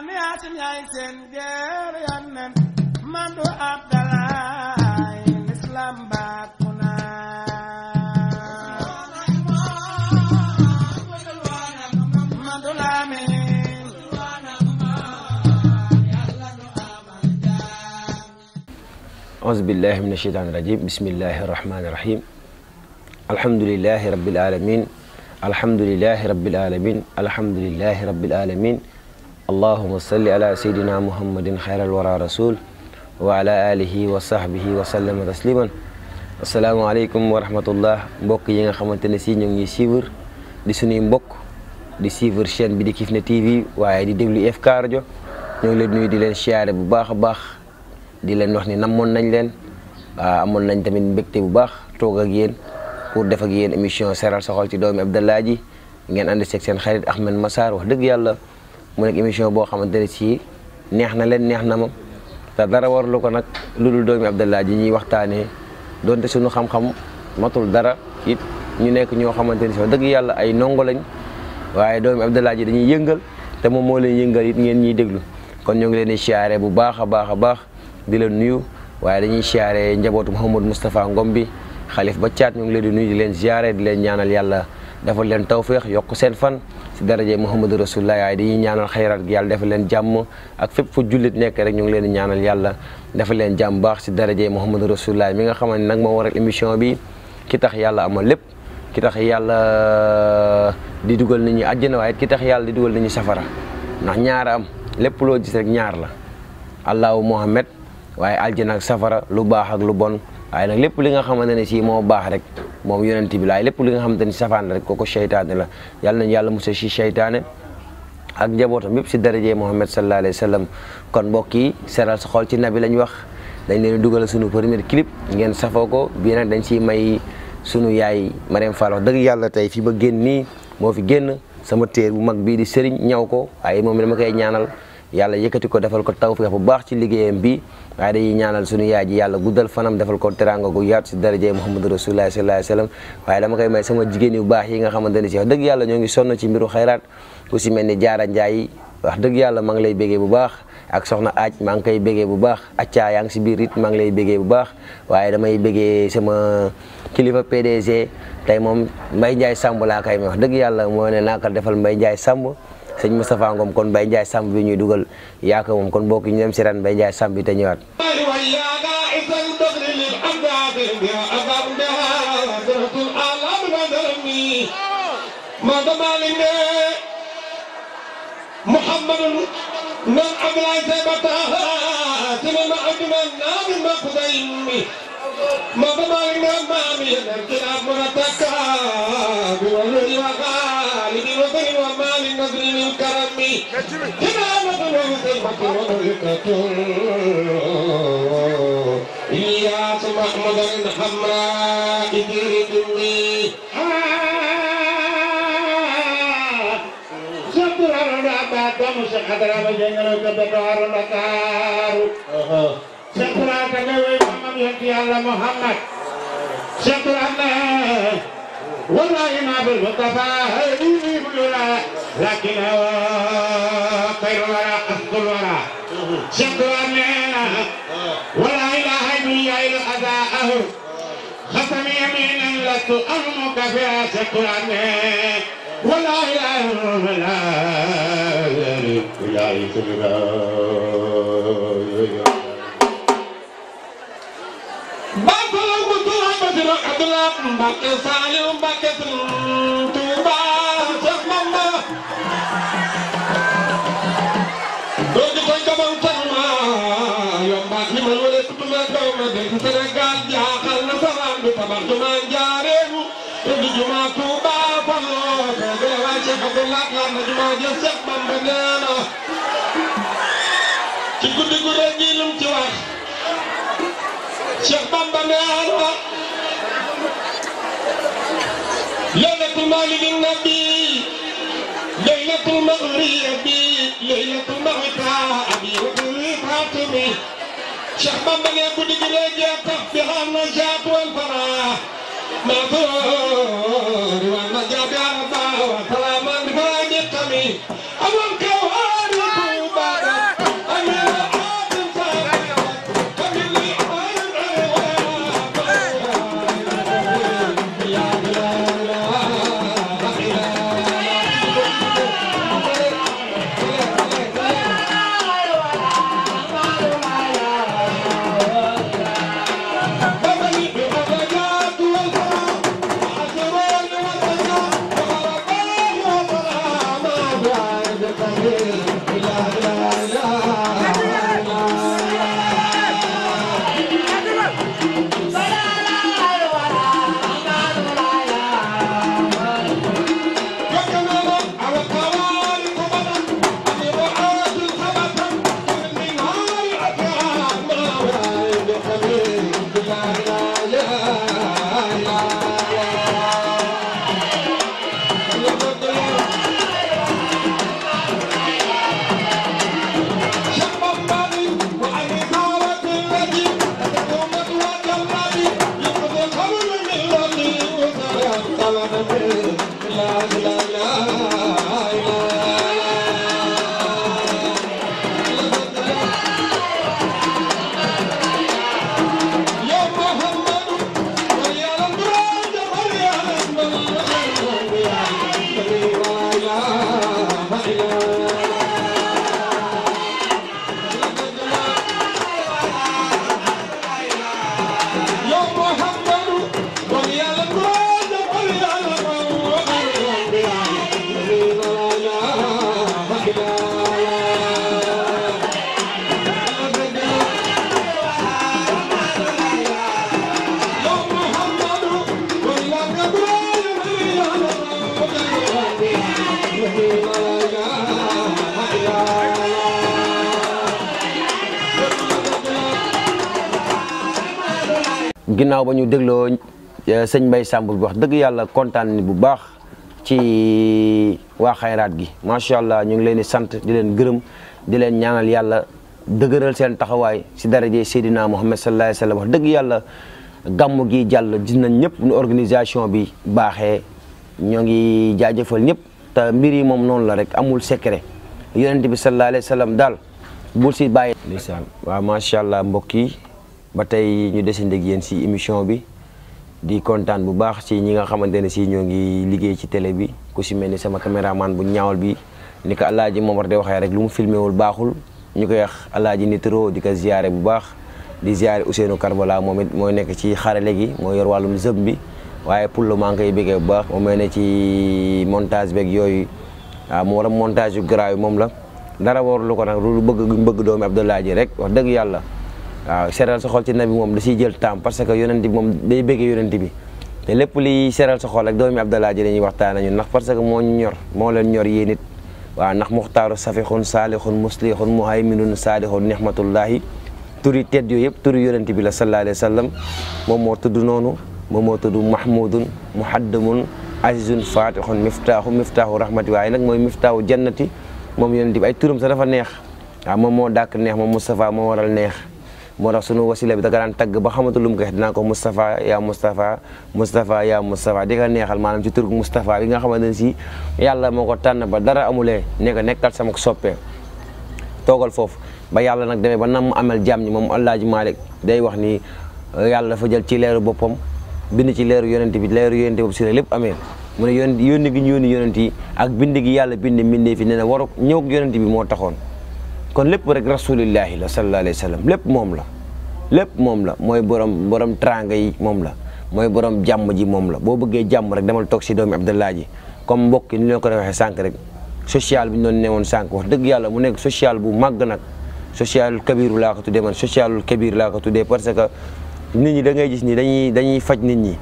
maami Yaasin yaay seen jeer yannen Madu Abdalaay lislaam baak أعوذ بالله من الشيطان الرجيم بسم الله الرحمن الرحيم الحمد لله رب العالمين الحمد لله رب العالمين الحمد لله رب العالمين اللهم صل على سيدنا محمد خير الورى رسول وعلى اله وصحبه وسلم تسليما السلام عليكم ورحمه الله مبوك ييغا خامتاني سي نيو ني سيفر دي سوني مبوك دي سيفر شين بي دي كيفنا تي في واي دي دبليو اف كارديو نيو لي نوي دي لين شيار بو باخ باخ دي لين وخني نامون نان لين امون نان تامين مبكتي بو باخ توغ pour def ak yeen émission séral soxol ci doomi abdallah ji ngeen and ci xarit ahmed massar wax deug yalla mu nekk émission boo xamante ne sii neex na leen neex na ma te dara warlu ko nag lu dul doomi Abdallah ji ñuy waxtaanee donte suñu xam-xam matul dara it ñu nekk ñoo xamante ne si wax dëgg yàlla ay ndongo lañ waaye doomi Abdallah ji dañuy yëngal te moom moo leen yëngal it ngeen ñuy déglu kon ñu ngi leen di siyaare bu baax a baax a baax di leen nuyu waaye dañuy siyaare njabootu Mouhamadou Moustapha Ngom bi xalif ba caat ñu ngi leen di nuyu di leen siyaare di leen ñaanal yàlla defal leen tawféex yokk seen fan si daraje Muhammadu Rasulullah waaye dañuy ñaanal xayraat gi yàlla defal leen jàmm ak fépp fu jullit nekk rek ñu ngi leen di ñaanal yàlla defal leen jàmm baax si daraje Muhammadu Rasulullah mi nga xamante nag moo waral émission bi ki tax yàlla amal lépp ki tax yàlla euh, di dugal nit ñi àjjana waaye ki tax yàlla di dugal nit ñi safara ndax ñaara am lépp loo gis rek ñaar la allahu Muhammad waaye aljana ak safara lu baax ak lu bon waaye nag lépp li nga xamante ne si moo baax rek moom yonent bi laay lépp li nga xamante ne safaan rek kooku seytaane la yàlla nañ yàlla musal si seytaane ak njabootam yëpp si darajee Muhammad sallallahu alayhi wa sallam kon mbokk yi seral sa xol ci nabi lañ wax dañ leen dugal suñu premier clip ngeen safoo ko bii nag dañ siy may sunu yaay Marème Fall wax dëgg yàlla tey fi ba génn nii moo fi génn sama téer bu mag bii di sëriñ ñaw ko waaye moom ma koy ñaanal yàlla yëkkati ko defal ko tawfeex bu baax ci liggéeyam bi waaye dañuy ñaanal suñu yaay ji yàlla guddal fanam defal ko teraanga gu yaatu si daraje Muhammadu Rasulullah sallallahu alayhi wasallam waaye dama koy may sama jigéen yu baax yi nga xamante ne si wax dëgg yàlla ñoo ngi sonn ci mbiru xayraat ku si mel ni jaara njaay wax dëgg yàlla maa ngi lay bégee bu baax ak soxna aaj maa ngi koy bégee bu baax acca yaa ngi si biir it maa ngi lay bégee bu baax waaye damay bégee sama kilifa PDG tey moom Mbaye Ndiaye Samb laa koy wax dëgg yàlla moo ne naa defal Mbaye Ndiaye Samb sëñ Moustapha Ngom kon Baye Ndiaye Samb bi ñuy dugal yaa ko moom kon bokk ñu dem bi te محمد من تمام نام ما ما من مرتكا بولي yi imaama ko loolu seen bakki moom katul إياس محمد الحمراء دير دمي شكرا ربا تمش حضر بجنر كبدار لكار شكرا كنوي محمد ينتي على محمد شكرا والله ما بالمصطفى هدي بلو لكن هو خير الورى قصد الورى شد أمينا ولا إله إلا إلا أداءه ختم يمينا لست أمك فيها شد أمينا ولا إله إلا إلا إلا بطل القدوة بدر عبد الله بكر سالم بكر mooy gabaw Salma yombaat li man wala tudduma gaw ma dëkk Sénégal jaaxal na salaam du tabax jumaa njaareemu te du jumaa Tuuba faloo te dee waa Cheikh Abdoulaye laat na jumaa jëf Cheikh Bamba nee na ci guddi gu rëy gi lum ci wax Cheikh Bamba nee na laylatul mawlidin nabi laylatul maghribi ليلة مغتا أبي وكل فاطمي شيخ بابا لي بودي جلي جاتك بها النجاة والفرح ما Thank you. ginnaaw ba ñu dégloo euh, sëñ Mbaye Samb bi wax dëgg yàlla kontaan bu baax ci waa xayraat gi macha allah ñu ngi leen di sant di leen gërëm di leen ñaanal yàlla dëgëral seen taxawaay si daraje Seydina Muhammad sallallahu alayhi wa sallam wax dëgg yàlla gàmmu gi jàll gis nañ ñëpp nu organisation bi baaxee ñoo ngi jaajëfal ñëpp te mbir yi moom noonu la rek amul secret yonent bi sallallahu alayhi daal bul si bàyyi. allah mbokk ba tey ñu desandi ak yéen si émission bi di kontaan bu baax si ñi nga xamante ne si ñoo ngi liggéey ci télé bi ku si mel ni sama caméraman bu ñaawal bi ni ko ji Momar de waxee rek lu mu filmé wul baaxul ñu koy wax alaaji Nitro di ko bu baax di ziare Ousseynou Karbala moom it mooy nekk ci xarale gi moo yor wàllum zëb bi waaye pour le moment koy bëggee bu baax moom mooy ne ci montage beeg yooyu waaw ah, mu war a montage yu garaaw moom la dara warul ko nag lu bëgg bëgg doomi Abdoulaye ji rek wax dëgg yàlla. waaw seral sa xol ci nabi moom da siy jël temps parce que yonent bi moom day bëgg yonent bi te lépp li seral sa xol ak doomi Abdallah ji dañuy waxtaan nañu ndax parce que moo ñor moo leen ñor yéen it waaw ndax muxtaaru safixun saalixun muslixun muhayminun saalixun nixmatullahi turi tedd yooyu yëpp turi yonent bi la sallallahu alayhi wa sallam moom moo tudd noonu moom moo tudd mahmudun muhaddamun azizun fatihun miftaahu miftaahu rahmati waaye nag mooy miftaahu jannati moom yonent bi ay turam sa dafa neex waaw moom moo dàkk neex moom Moustapha moo waral neex moo tax sunu wasila bi da nga daan ba xamante lu mu koy dinaa ko Moustapha yaa Moustapha Moustapha yaa Moustapha di ko neexal maanaam ci turgu Moustapha bi nga xamante ne si yàlla moo ko tànn ba dara amulee ne ko nekkal sama soppee toogal foofu ba yàlla nag demee ba nam mu amel jàmm ñi moom Alaaji Malick day wax ni yàlla dafa jël ci leeru boppam bind ci leeru yonent bi leeru yonent boobu si la lépp amee mu ne yónni yónni gi ñu yi ak bind gi yàlla bind mbindee fi ne ne waru ñëw ak bi moo taxoon kon lépp rek rasulillahi la sallallahu alayhi wa sallam lépp moom la lépp moom la mooy borom borom tranga yi moom la mooy borom jàmm ji moom la boo bëggee jàmm rek demal toog si doomi Abdallah ji comme mbokki yi ni leen ko waxee sànq rek social bi ñu doon woon sànq wax dëgg yàlla mu nekk social bu màgg nag social kabiru laa ko tuddee man socialul kabir laa ko tuddee parce que nit ñi da ngay gis ni dañuy dañuy faj nit ñi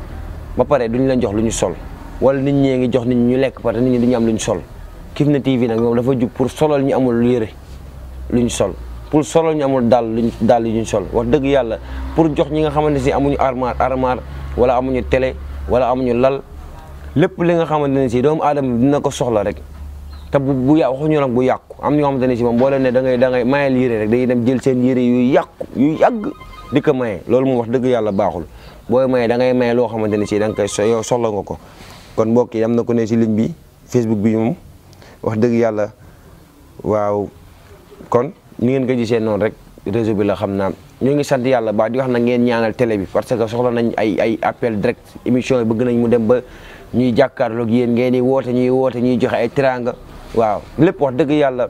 ba pare duñ leen jox lu ñu sol wala nit ñee ngi jox nit ñu lekk parce nit ñi duñu am lu ñu sol Kifne TV nag moom dafa jug pour solal ñu amul lu lu ñu sol pour solo ñu amul dàll luñ dàll yu ñu sol wax dëgg yàlla pour jox ñi nga xamante si amuñu armoire armoire wala amuñu télé wala amuñu lal lépp li nga xamante ne si doomu aadama bi dina ko soxla rek te bu bu yàqu waxuñu nag bu yàqu am ñoo xamante ne si moom boo leen ne da ngay da ngay mayel yére rek dañuy dem jël seen yére yu yàqu yu yàgg di ko maye loolu moom wax dëgg yàlla baaxul booy maye da ngay loo xamante ne si da nga koy yow soxla nga ko kon mbokk yi am na ko ne si ligne bi Facebook bi moom wax dëgg yàlla waaw kon ni ngeen ko gisee noonu rek réseau bi la xam naa ñoo ngi sant yàlla ba di wax na ngeen ñaanal télé bi parce que soxla nañ ay ay appel direct émission bëgg nañ mu dem ba ñuy jàkkaarloog yéen ngeen di woote ñuy woote ñuy joxe ay teraanga waaw lépp wax dëgg yàlla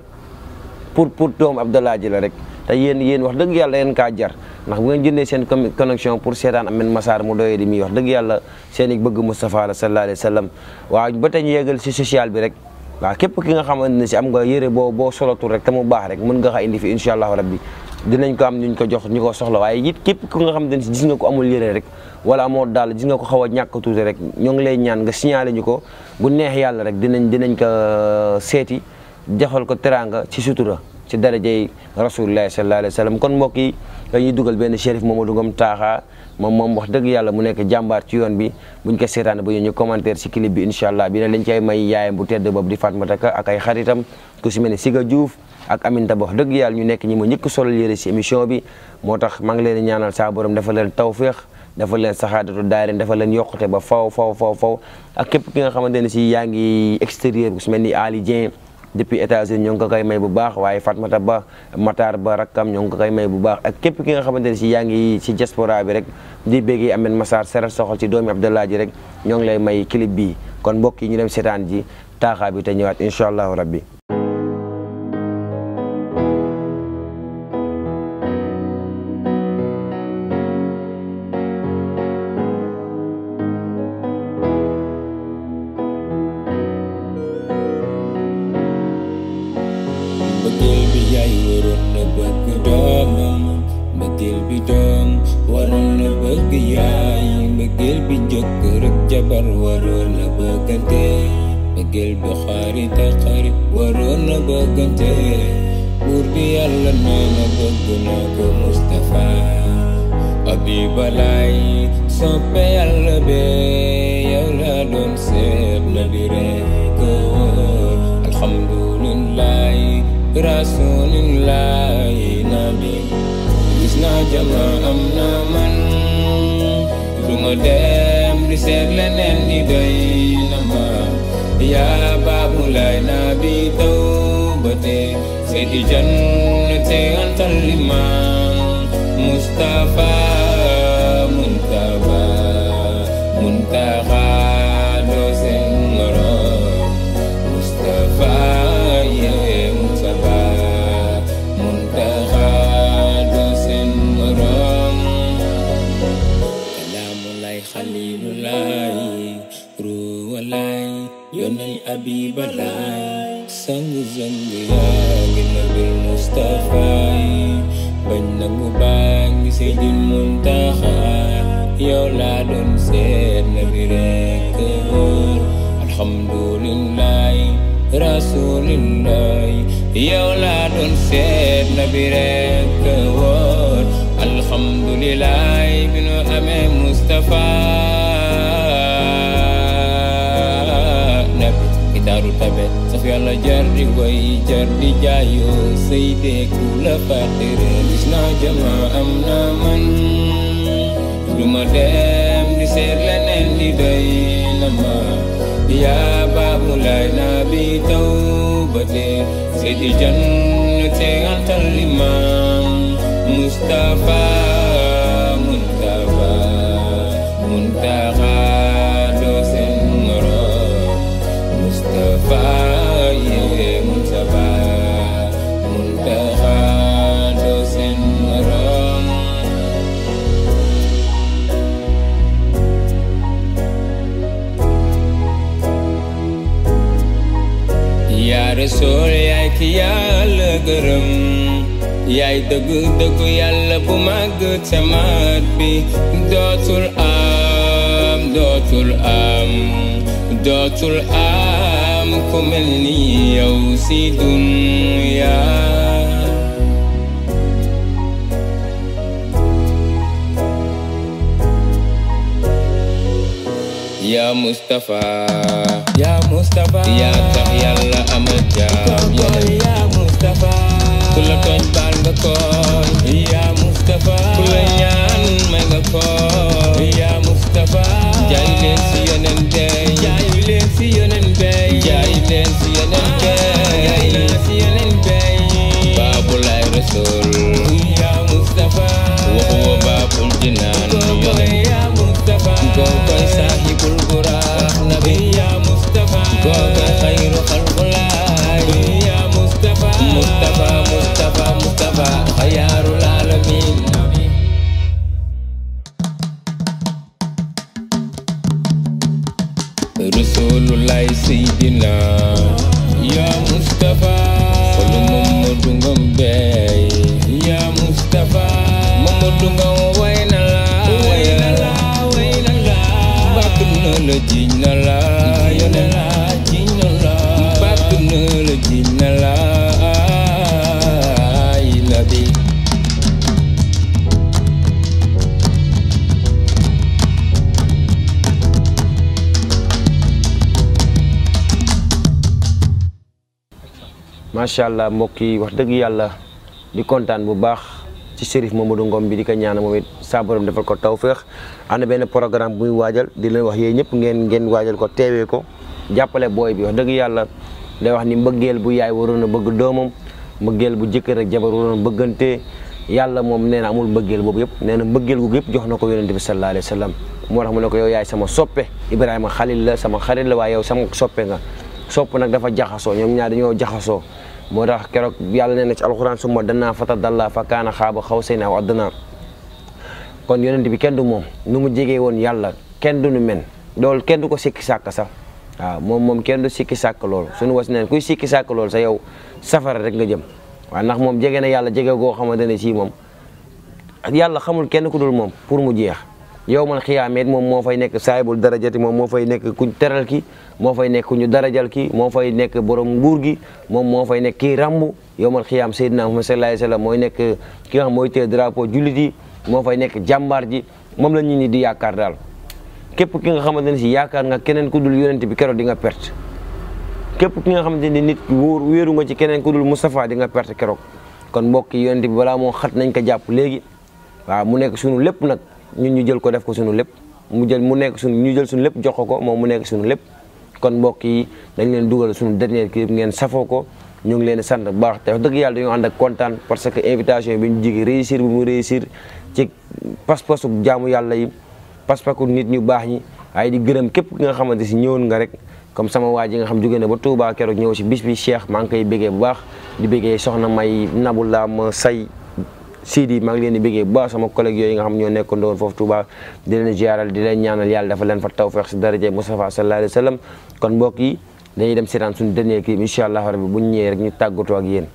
pour pour doom Abdallah ji la rek te yéen yéen wax dëgg yàlla yéen kaa jar ndax bu ngeen jëndee seen connexion pour seetaan Ameth Massar mu doyee di muy wax dëgg yàlla seen i bëgg Moustapha la sallallahu alayhi wa sallam waaw ba tey ñu yeggal si social bi rek waaw képp ki nga xamante ne si am nga yére boo boo solotul rek te mu baax rek mën nga xa indi fi incha allahu rabbi dinañ ko am ñu ko jox ñu ko soxla waaye it képp ki nga xamante ne si gis nga ko amul yére rek wala moo daal gis nga ko xaw a ñàkk rek ñoo ngi lay ñaan nga signalé ñu ko bu neex yàlla rek dinañ dinañ ko euh, seeti joxal ko teraanga ci sutura ci darajey rasulillahi sallallahu alayhi wa sallam kon mbokk yi dañuy dugal benn moo Mamadou Ngom Taaxa moom moom wax dëgg yàlla mu nekk jàmbaar ci yoon bi buñ ko seetaan ba ñu commentaire ci clip bi incha allah bi ne lañ cay may yaayam bu tedd boobu di Fatmata Ka ak ay xaritam ku si mel ni Siga Diouf ak Aminta ba dëgg yàlla ñu nekk ñi ma njëkk solal yére ci émission bi moo tax maa ngi leen ñaanal saa borom dafa leen tawféex dafa leen saxaadatu daareen dafa leen ba faw faw faw faw ak képp ki nga xamante ne si yaa ngi extérieur ku si mel ni Ali Dieng depuis États-Unis ñoo ngi may bu baax waaye Fatmata Ba Matar Ba rakkam ñoo ngi ko may bu baax ak képp ki nga xamante ne si yaa ngi si diaspora bi rek di béggi Ameth Massar seral soxol ci doomi Abdallah ji rek ñoo ngi lay may clip bii kon mbokk yi ñu dem seetaan ji taaxaa bi te ñëwaat incha allahu rabbi dëggal Buxaari te xarit waroon na bëggante buur bi yàlla nee na bëgg na ko Mustafa abibalaay soppe yàlla be yow la doon seet na bi rekk alhamdulillahi rasulillahi nabi gis naa jama am na man lu ma dee seet leneen ñi doy na ma yaa baabu lay bi taw ba te seydi jannate antal limaam Mustafa Muntaba daaru tabe di way jar di jaayoo sëy deeku la fàtte ree jama am na man lu ma dem di seet leneen di doy ma yaa baabu lay naa bi taw ba tee seydi jannate antal imam Mustafa bàyyi Muntaba Muntaxa doo seen morom yaa Rasuul yaay ki Yàlla gërëm yaay dëgg dëgg Yàlla bu màgg tamaat bi dootul am dootul am dootul am am si ya. ya Mustafa Ya Mustafa Ya tax yàlla amal Ya Mustafa Ku la tooñ nga Ya Mustafa Ku la ñaan may nga ko Ya Mustafa Jaay leen si yeneen day macha moki mbokk yi wax dëgg yàlla di kontaan bu baax ci Chérif Mamadou Ngom bi di ko ñaan moom it saa borom defal ko tawféex am na programme bu muy waajal di leen wax yéen ñëpp ngeen ngeen waajal ko teewee ko jàppale booy bi wax dëgg yàlla day wax ni mbëggeel bu yaay waroon a bëgg doomam mbëggeel bu jëkkër ak jabar waroon a bëggante yàlla moom nee amul mbëggeel boobu yëpp nee na mbëggeel googu yëpp jox na ko yonente bi sallallahu alayhi wa sallam tax mu ne ko yow yaay sama soppe Ibrahima xalil la sama khalil la waaye yow sama soppe nga sopp nag dafa jaxasoo ñoom ñaar dañoo jaxasoo moo tax keroog yàlla nee na ci alxuraan summa dana fata dalla fa kaana xaaba xawsayni aw adnaa kon yonent bi kenn du moom nu mu jege woon yàlla kenn du nu men dool kenn du ko sikki sàkk sax waaw moom moom kenn du sikki sàkk loolu suñu was neen kuy sikki sàkk loolu sa yow safara rek nga jëm waaw ndax moom jege na yàlla jege goo xamante ne sii moom yàlla xamul kenn ku dul moom pour mu jeex yowmal xiyaama moom moo fay nekk saayibul darajati moom moo fay nekk kuñ teral ki moo fay nekk kuñu darajal ki moo fay nekk borom nguur gi moom moo fay nekk kii ràmbu yowmal xiyaam seydina Muhammad sallallahu alayhi wa sallam mooy nekk ki nga xam mooy téye drapeau jullit yi moo fay nekk jàmbaar ji moom la nit di Yakar Dal. képp ki nga xamante ne si nga keneen ku dul yonent bi keroog di nga perte képp ki nga xamante ni nit wóor wéeru nga ci keneen ku dul Moustapha di nga perte keroog kon mbokk yi yonent bi balaa moo xat nañ ko jàpp léegi waaw mu nekk sunu lépp nag ñun ñu jël ko def ko suñu lépp mu jël mu nekk suñu ñu jël suñu lépp jox ko ko moom mu nekk suñu lépp kon mbokk yi dañ leen dugal suñu dernier clip ngeen safoo ko ñu ngi leen di bu baax te wax yàlla dañoo ànd ak kontaan parce que invitation bi ñu jigi réussir mu réussir ci pas-pasu jaamu yàlla yi pas-pasu nit ñu baax ñi waaye di gërëm képp ki nga xamante si ñëwoon nga rek comme sama waa ji nga xam jóge ba Touba keroog ñëw si bis bi Cheikh maa ngi koy bégee bu baax di bégee soxna may laa ma say Sidi maa ngi leen di bëggee bu baax sama yooyu nga xam ñoo nekk ndoon foofu Touba di leen jaaral di leen ñaanal yàlla dafa leen fa tawfeex si daraje Moustapha sallallahu alayhi wa sallam kon mbokk yi dañuy dem seetaan suñu dernier clip incha allah rabbi bu ñu ñëwee rek ñu tàggatoo ak yen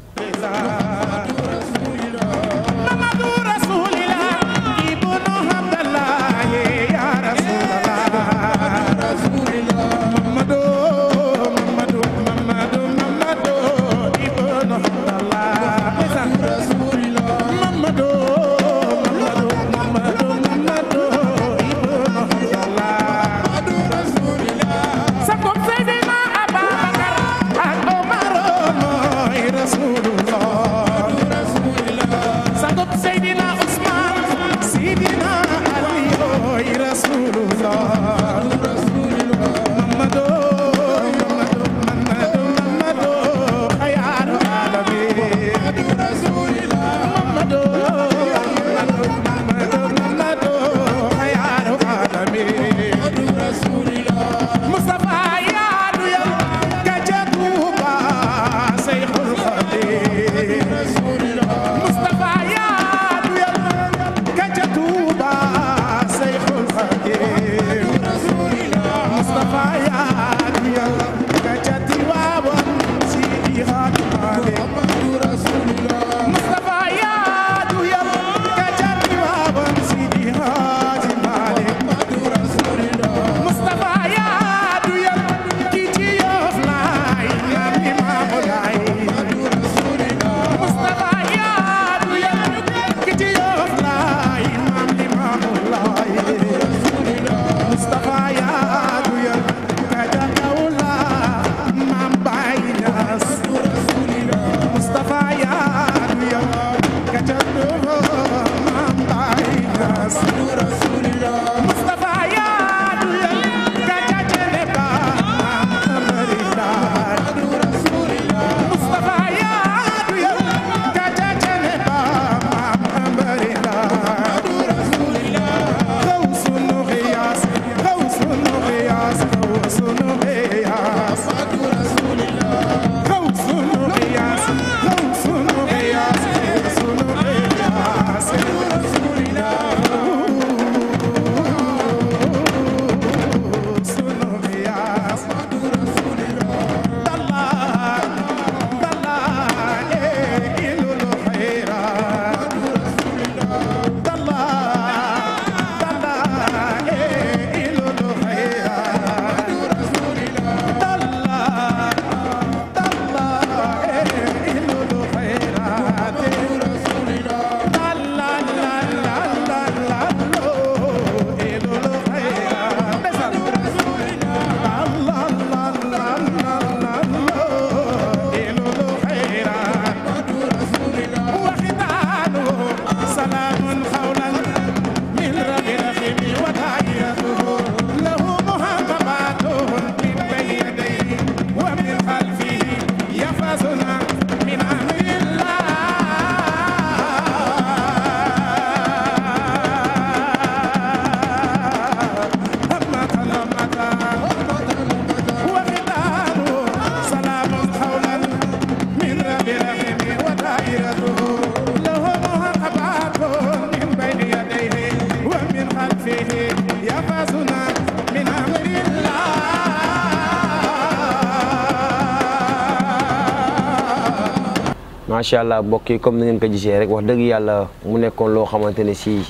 macha allah mbokk yi comme ni ngeen ko gisee rek wax dëgg yàlla mu nekkoon loo xamante ne si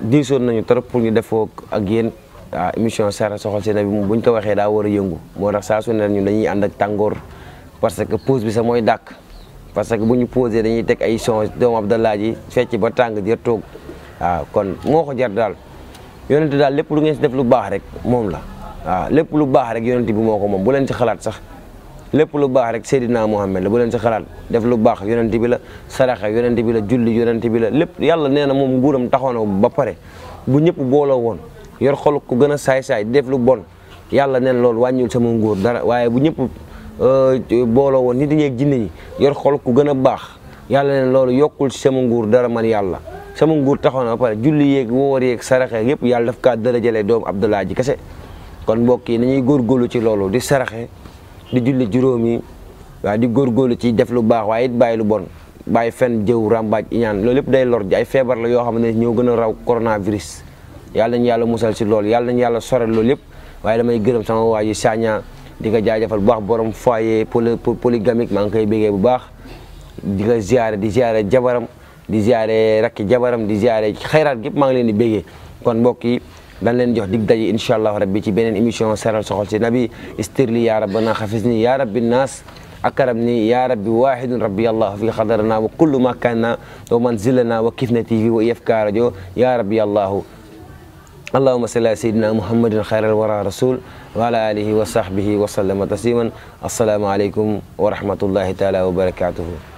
diisoon nañu trop pour ñu def defoo ak a ah émission Saare Soxal Sénégal bi buñ ko waxee daa war a yëngu moo tax saa su ne ñun dañuy ànd ak tàngoor parce que pause bi sax mooy dàkk parce que bu ñu posé dañuy teg ay son doomu Abdallah ji fecc ba tàng jër toog waaw ah, kon moo ko jar daal yonente daal lépp lu ngeen si def lu baax rek moom la waaw ah, lépp lu baax rek yonente bi moo ko moom bu leen ci xalaat sax. lépp lu baax rek Seydina Muhammad la bu leen si xalaat def lu baax yonent bi la saraxa yonent bi la julli yonent bi la lépp yàlla nee na moom nguuram taxaw na ba pare bu ñëpp booloo woon yor xol ku gën a saay def lu bon yàlla neen loolu wàññiwul sama nguur dara waaye bu ñëpp euh, booloo woon nit ñi ak jinne yor xol ku gën a baax neen loolu yokkul sama nguur dara man yàlla sama nguur taxaw ba pare julli yeeg woor yeeg saraxa yëpp yàlla daf kaa dara kon mbokk yi ci loolu di saraxe di julli juróom yi waaw di lu ci def lu baax waaye it bàyyi lu bon bàyyi fen jëw ràmbaaj iñaan lool lépp day lor ji ay feebar la yoo xam ne ñoo gën a raw coronavirus yàlla nañu yàlla musal si lool loolu yàlla nañu yàlla sorel loolu lépp waaye damay gërëm sama waa ji Sagna di nga jaajëfal bu baax borom foyer poly polygamique maa ngi koy bégee bu baax di nga ziare di ziare jabaram di ziare rakki jabaram di ziare xayraat gépp maa ngi leen di bégee kon mbokk dan leen jox dig daje inshallah rabbi ci benen émission seral soxol ci nabi istirli ya rabbana khafizni ya rabbi nas akramni ya rabbi wahid rabbi allah fi khadarna wa kullu ma kana wa manzilana wa kifna tv wa وإيفك رجو ya rabbi allah اللهم صل على سيدنا محمد خير الورى رسول وعلى آله وصحبه وسلم تسليما السلام عليكم ورحمة الله تعالى وبركاته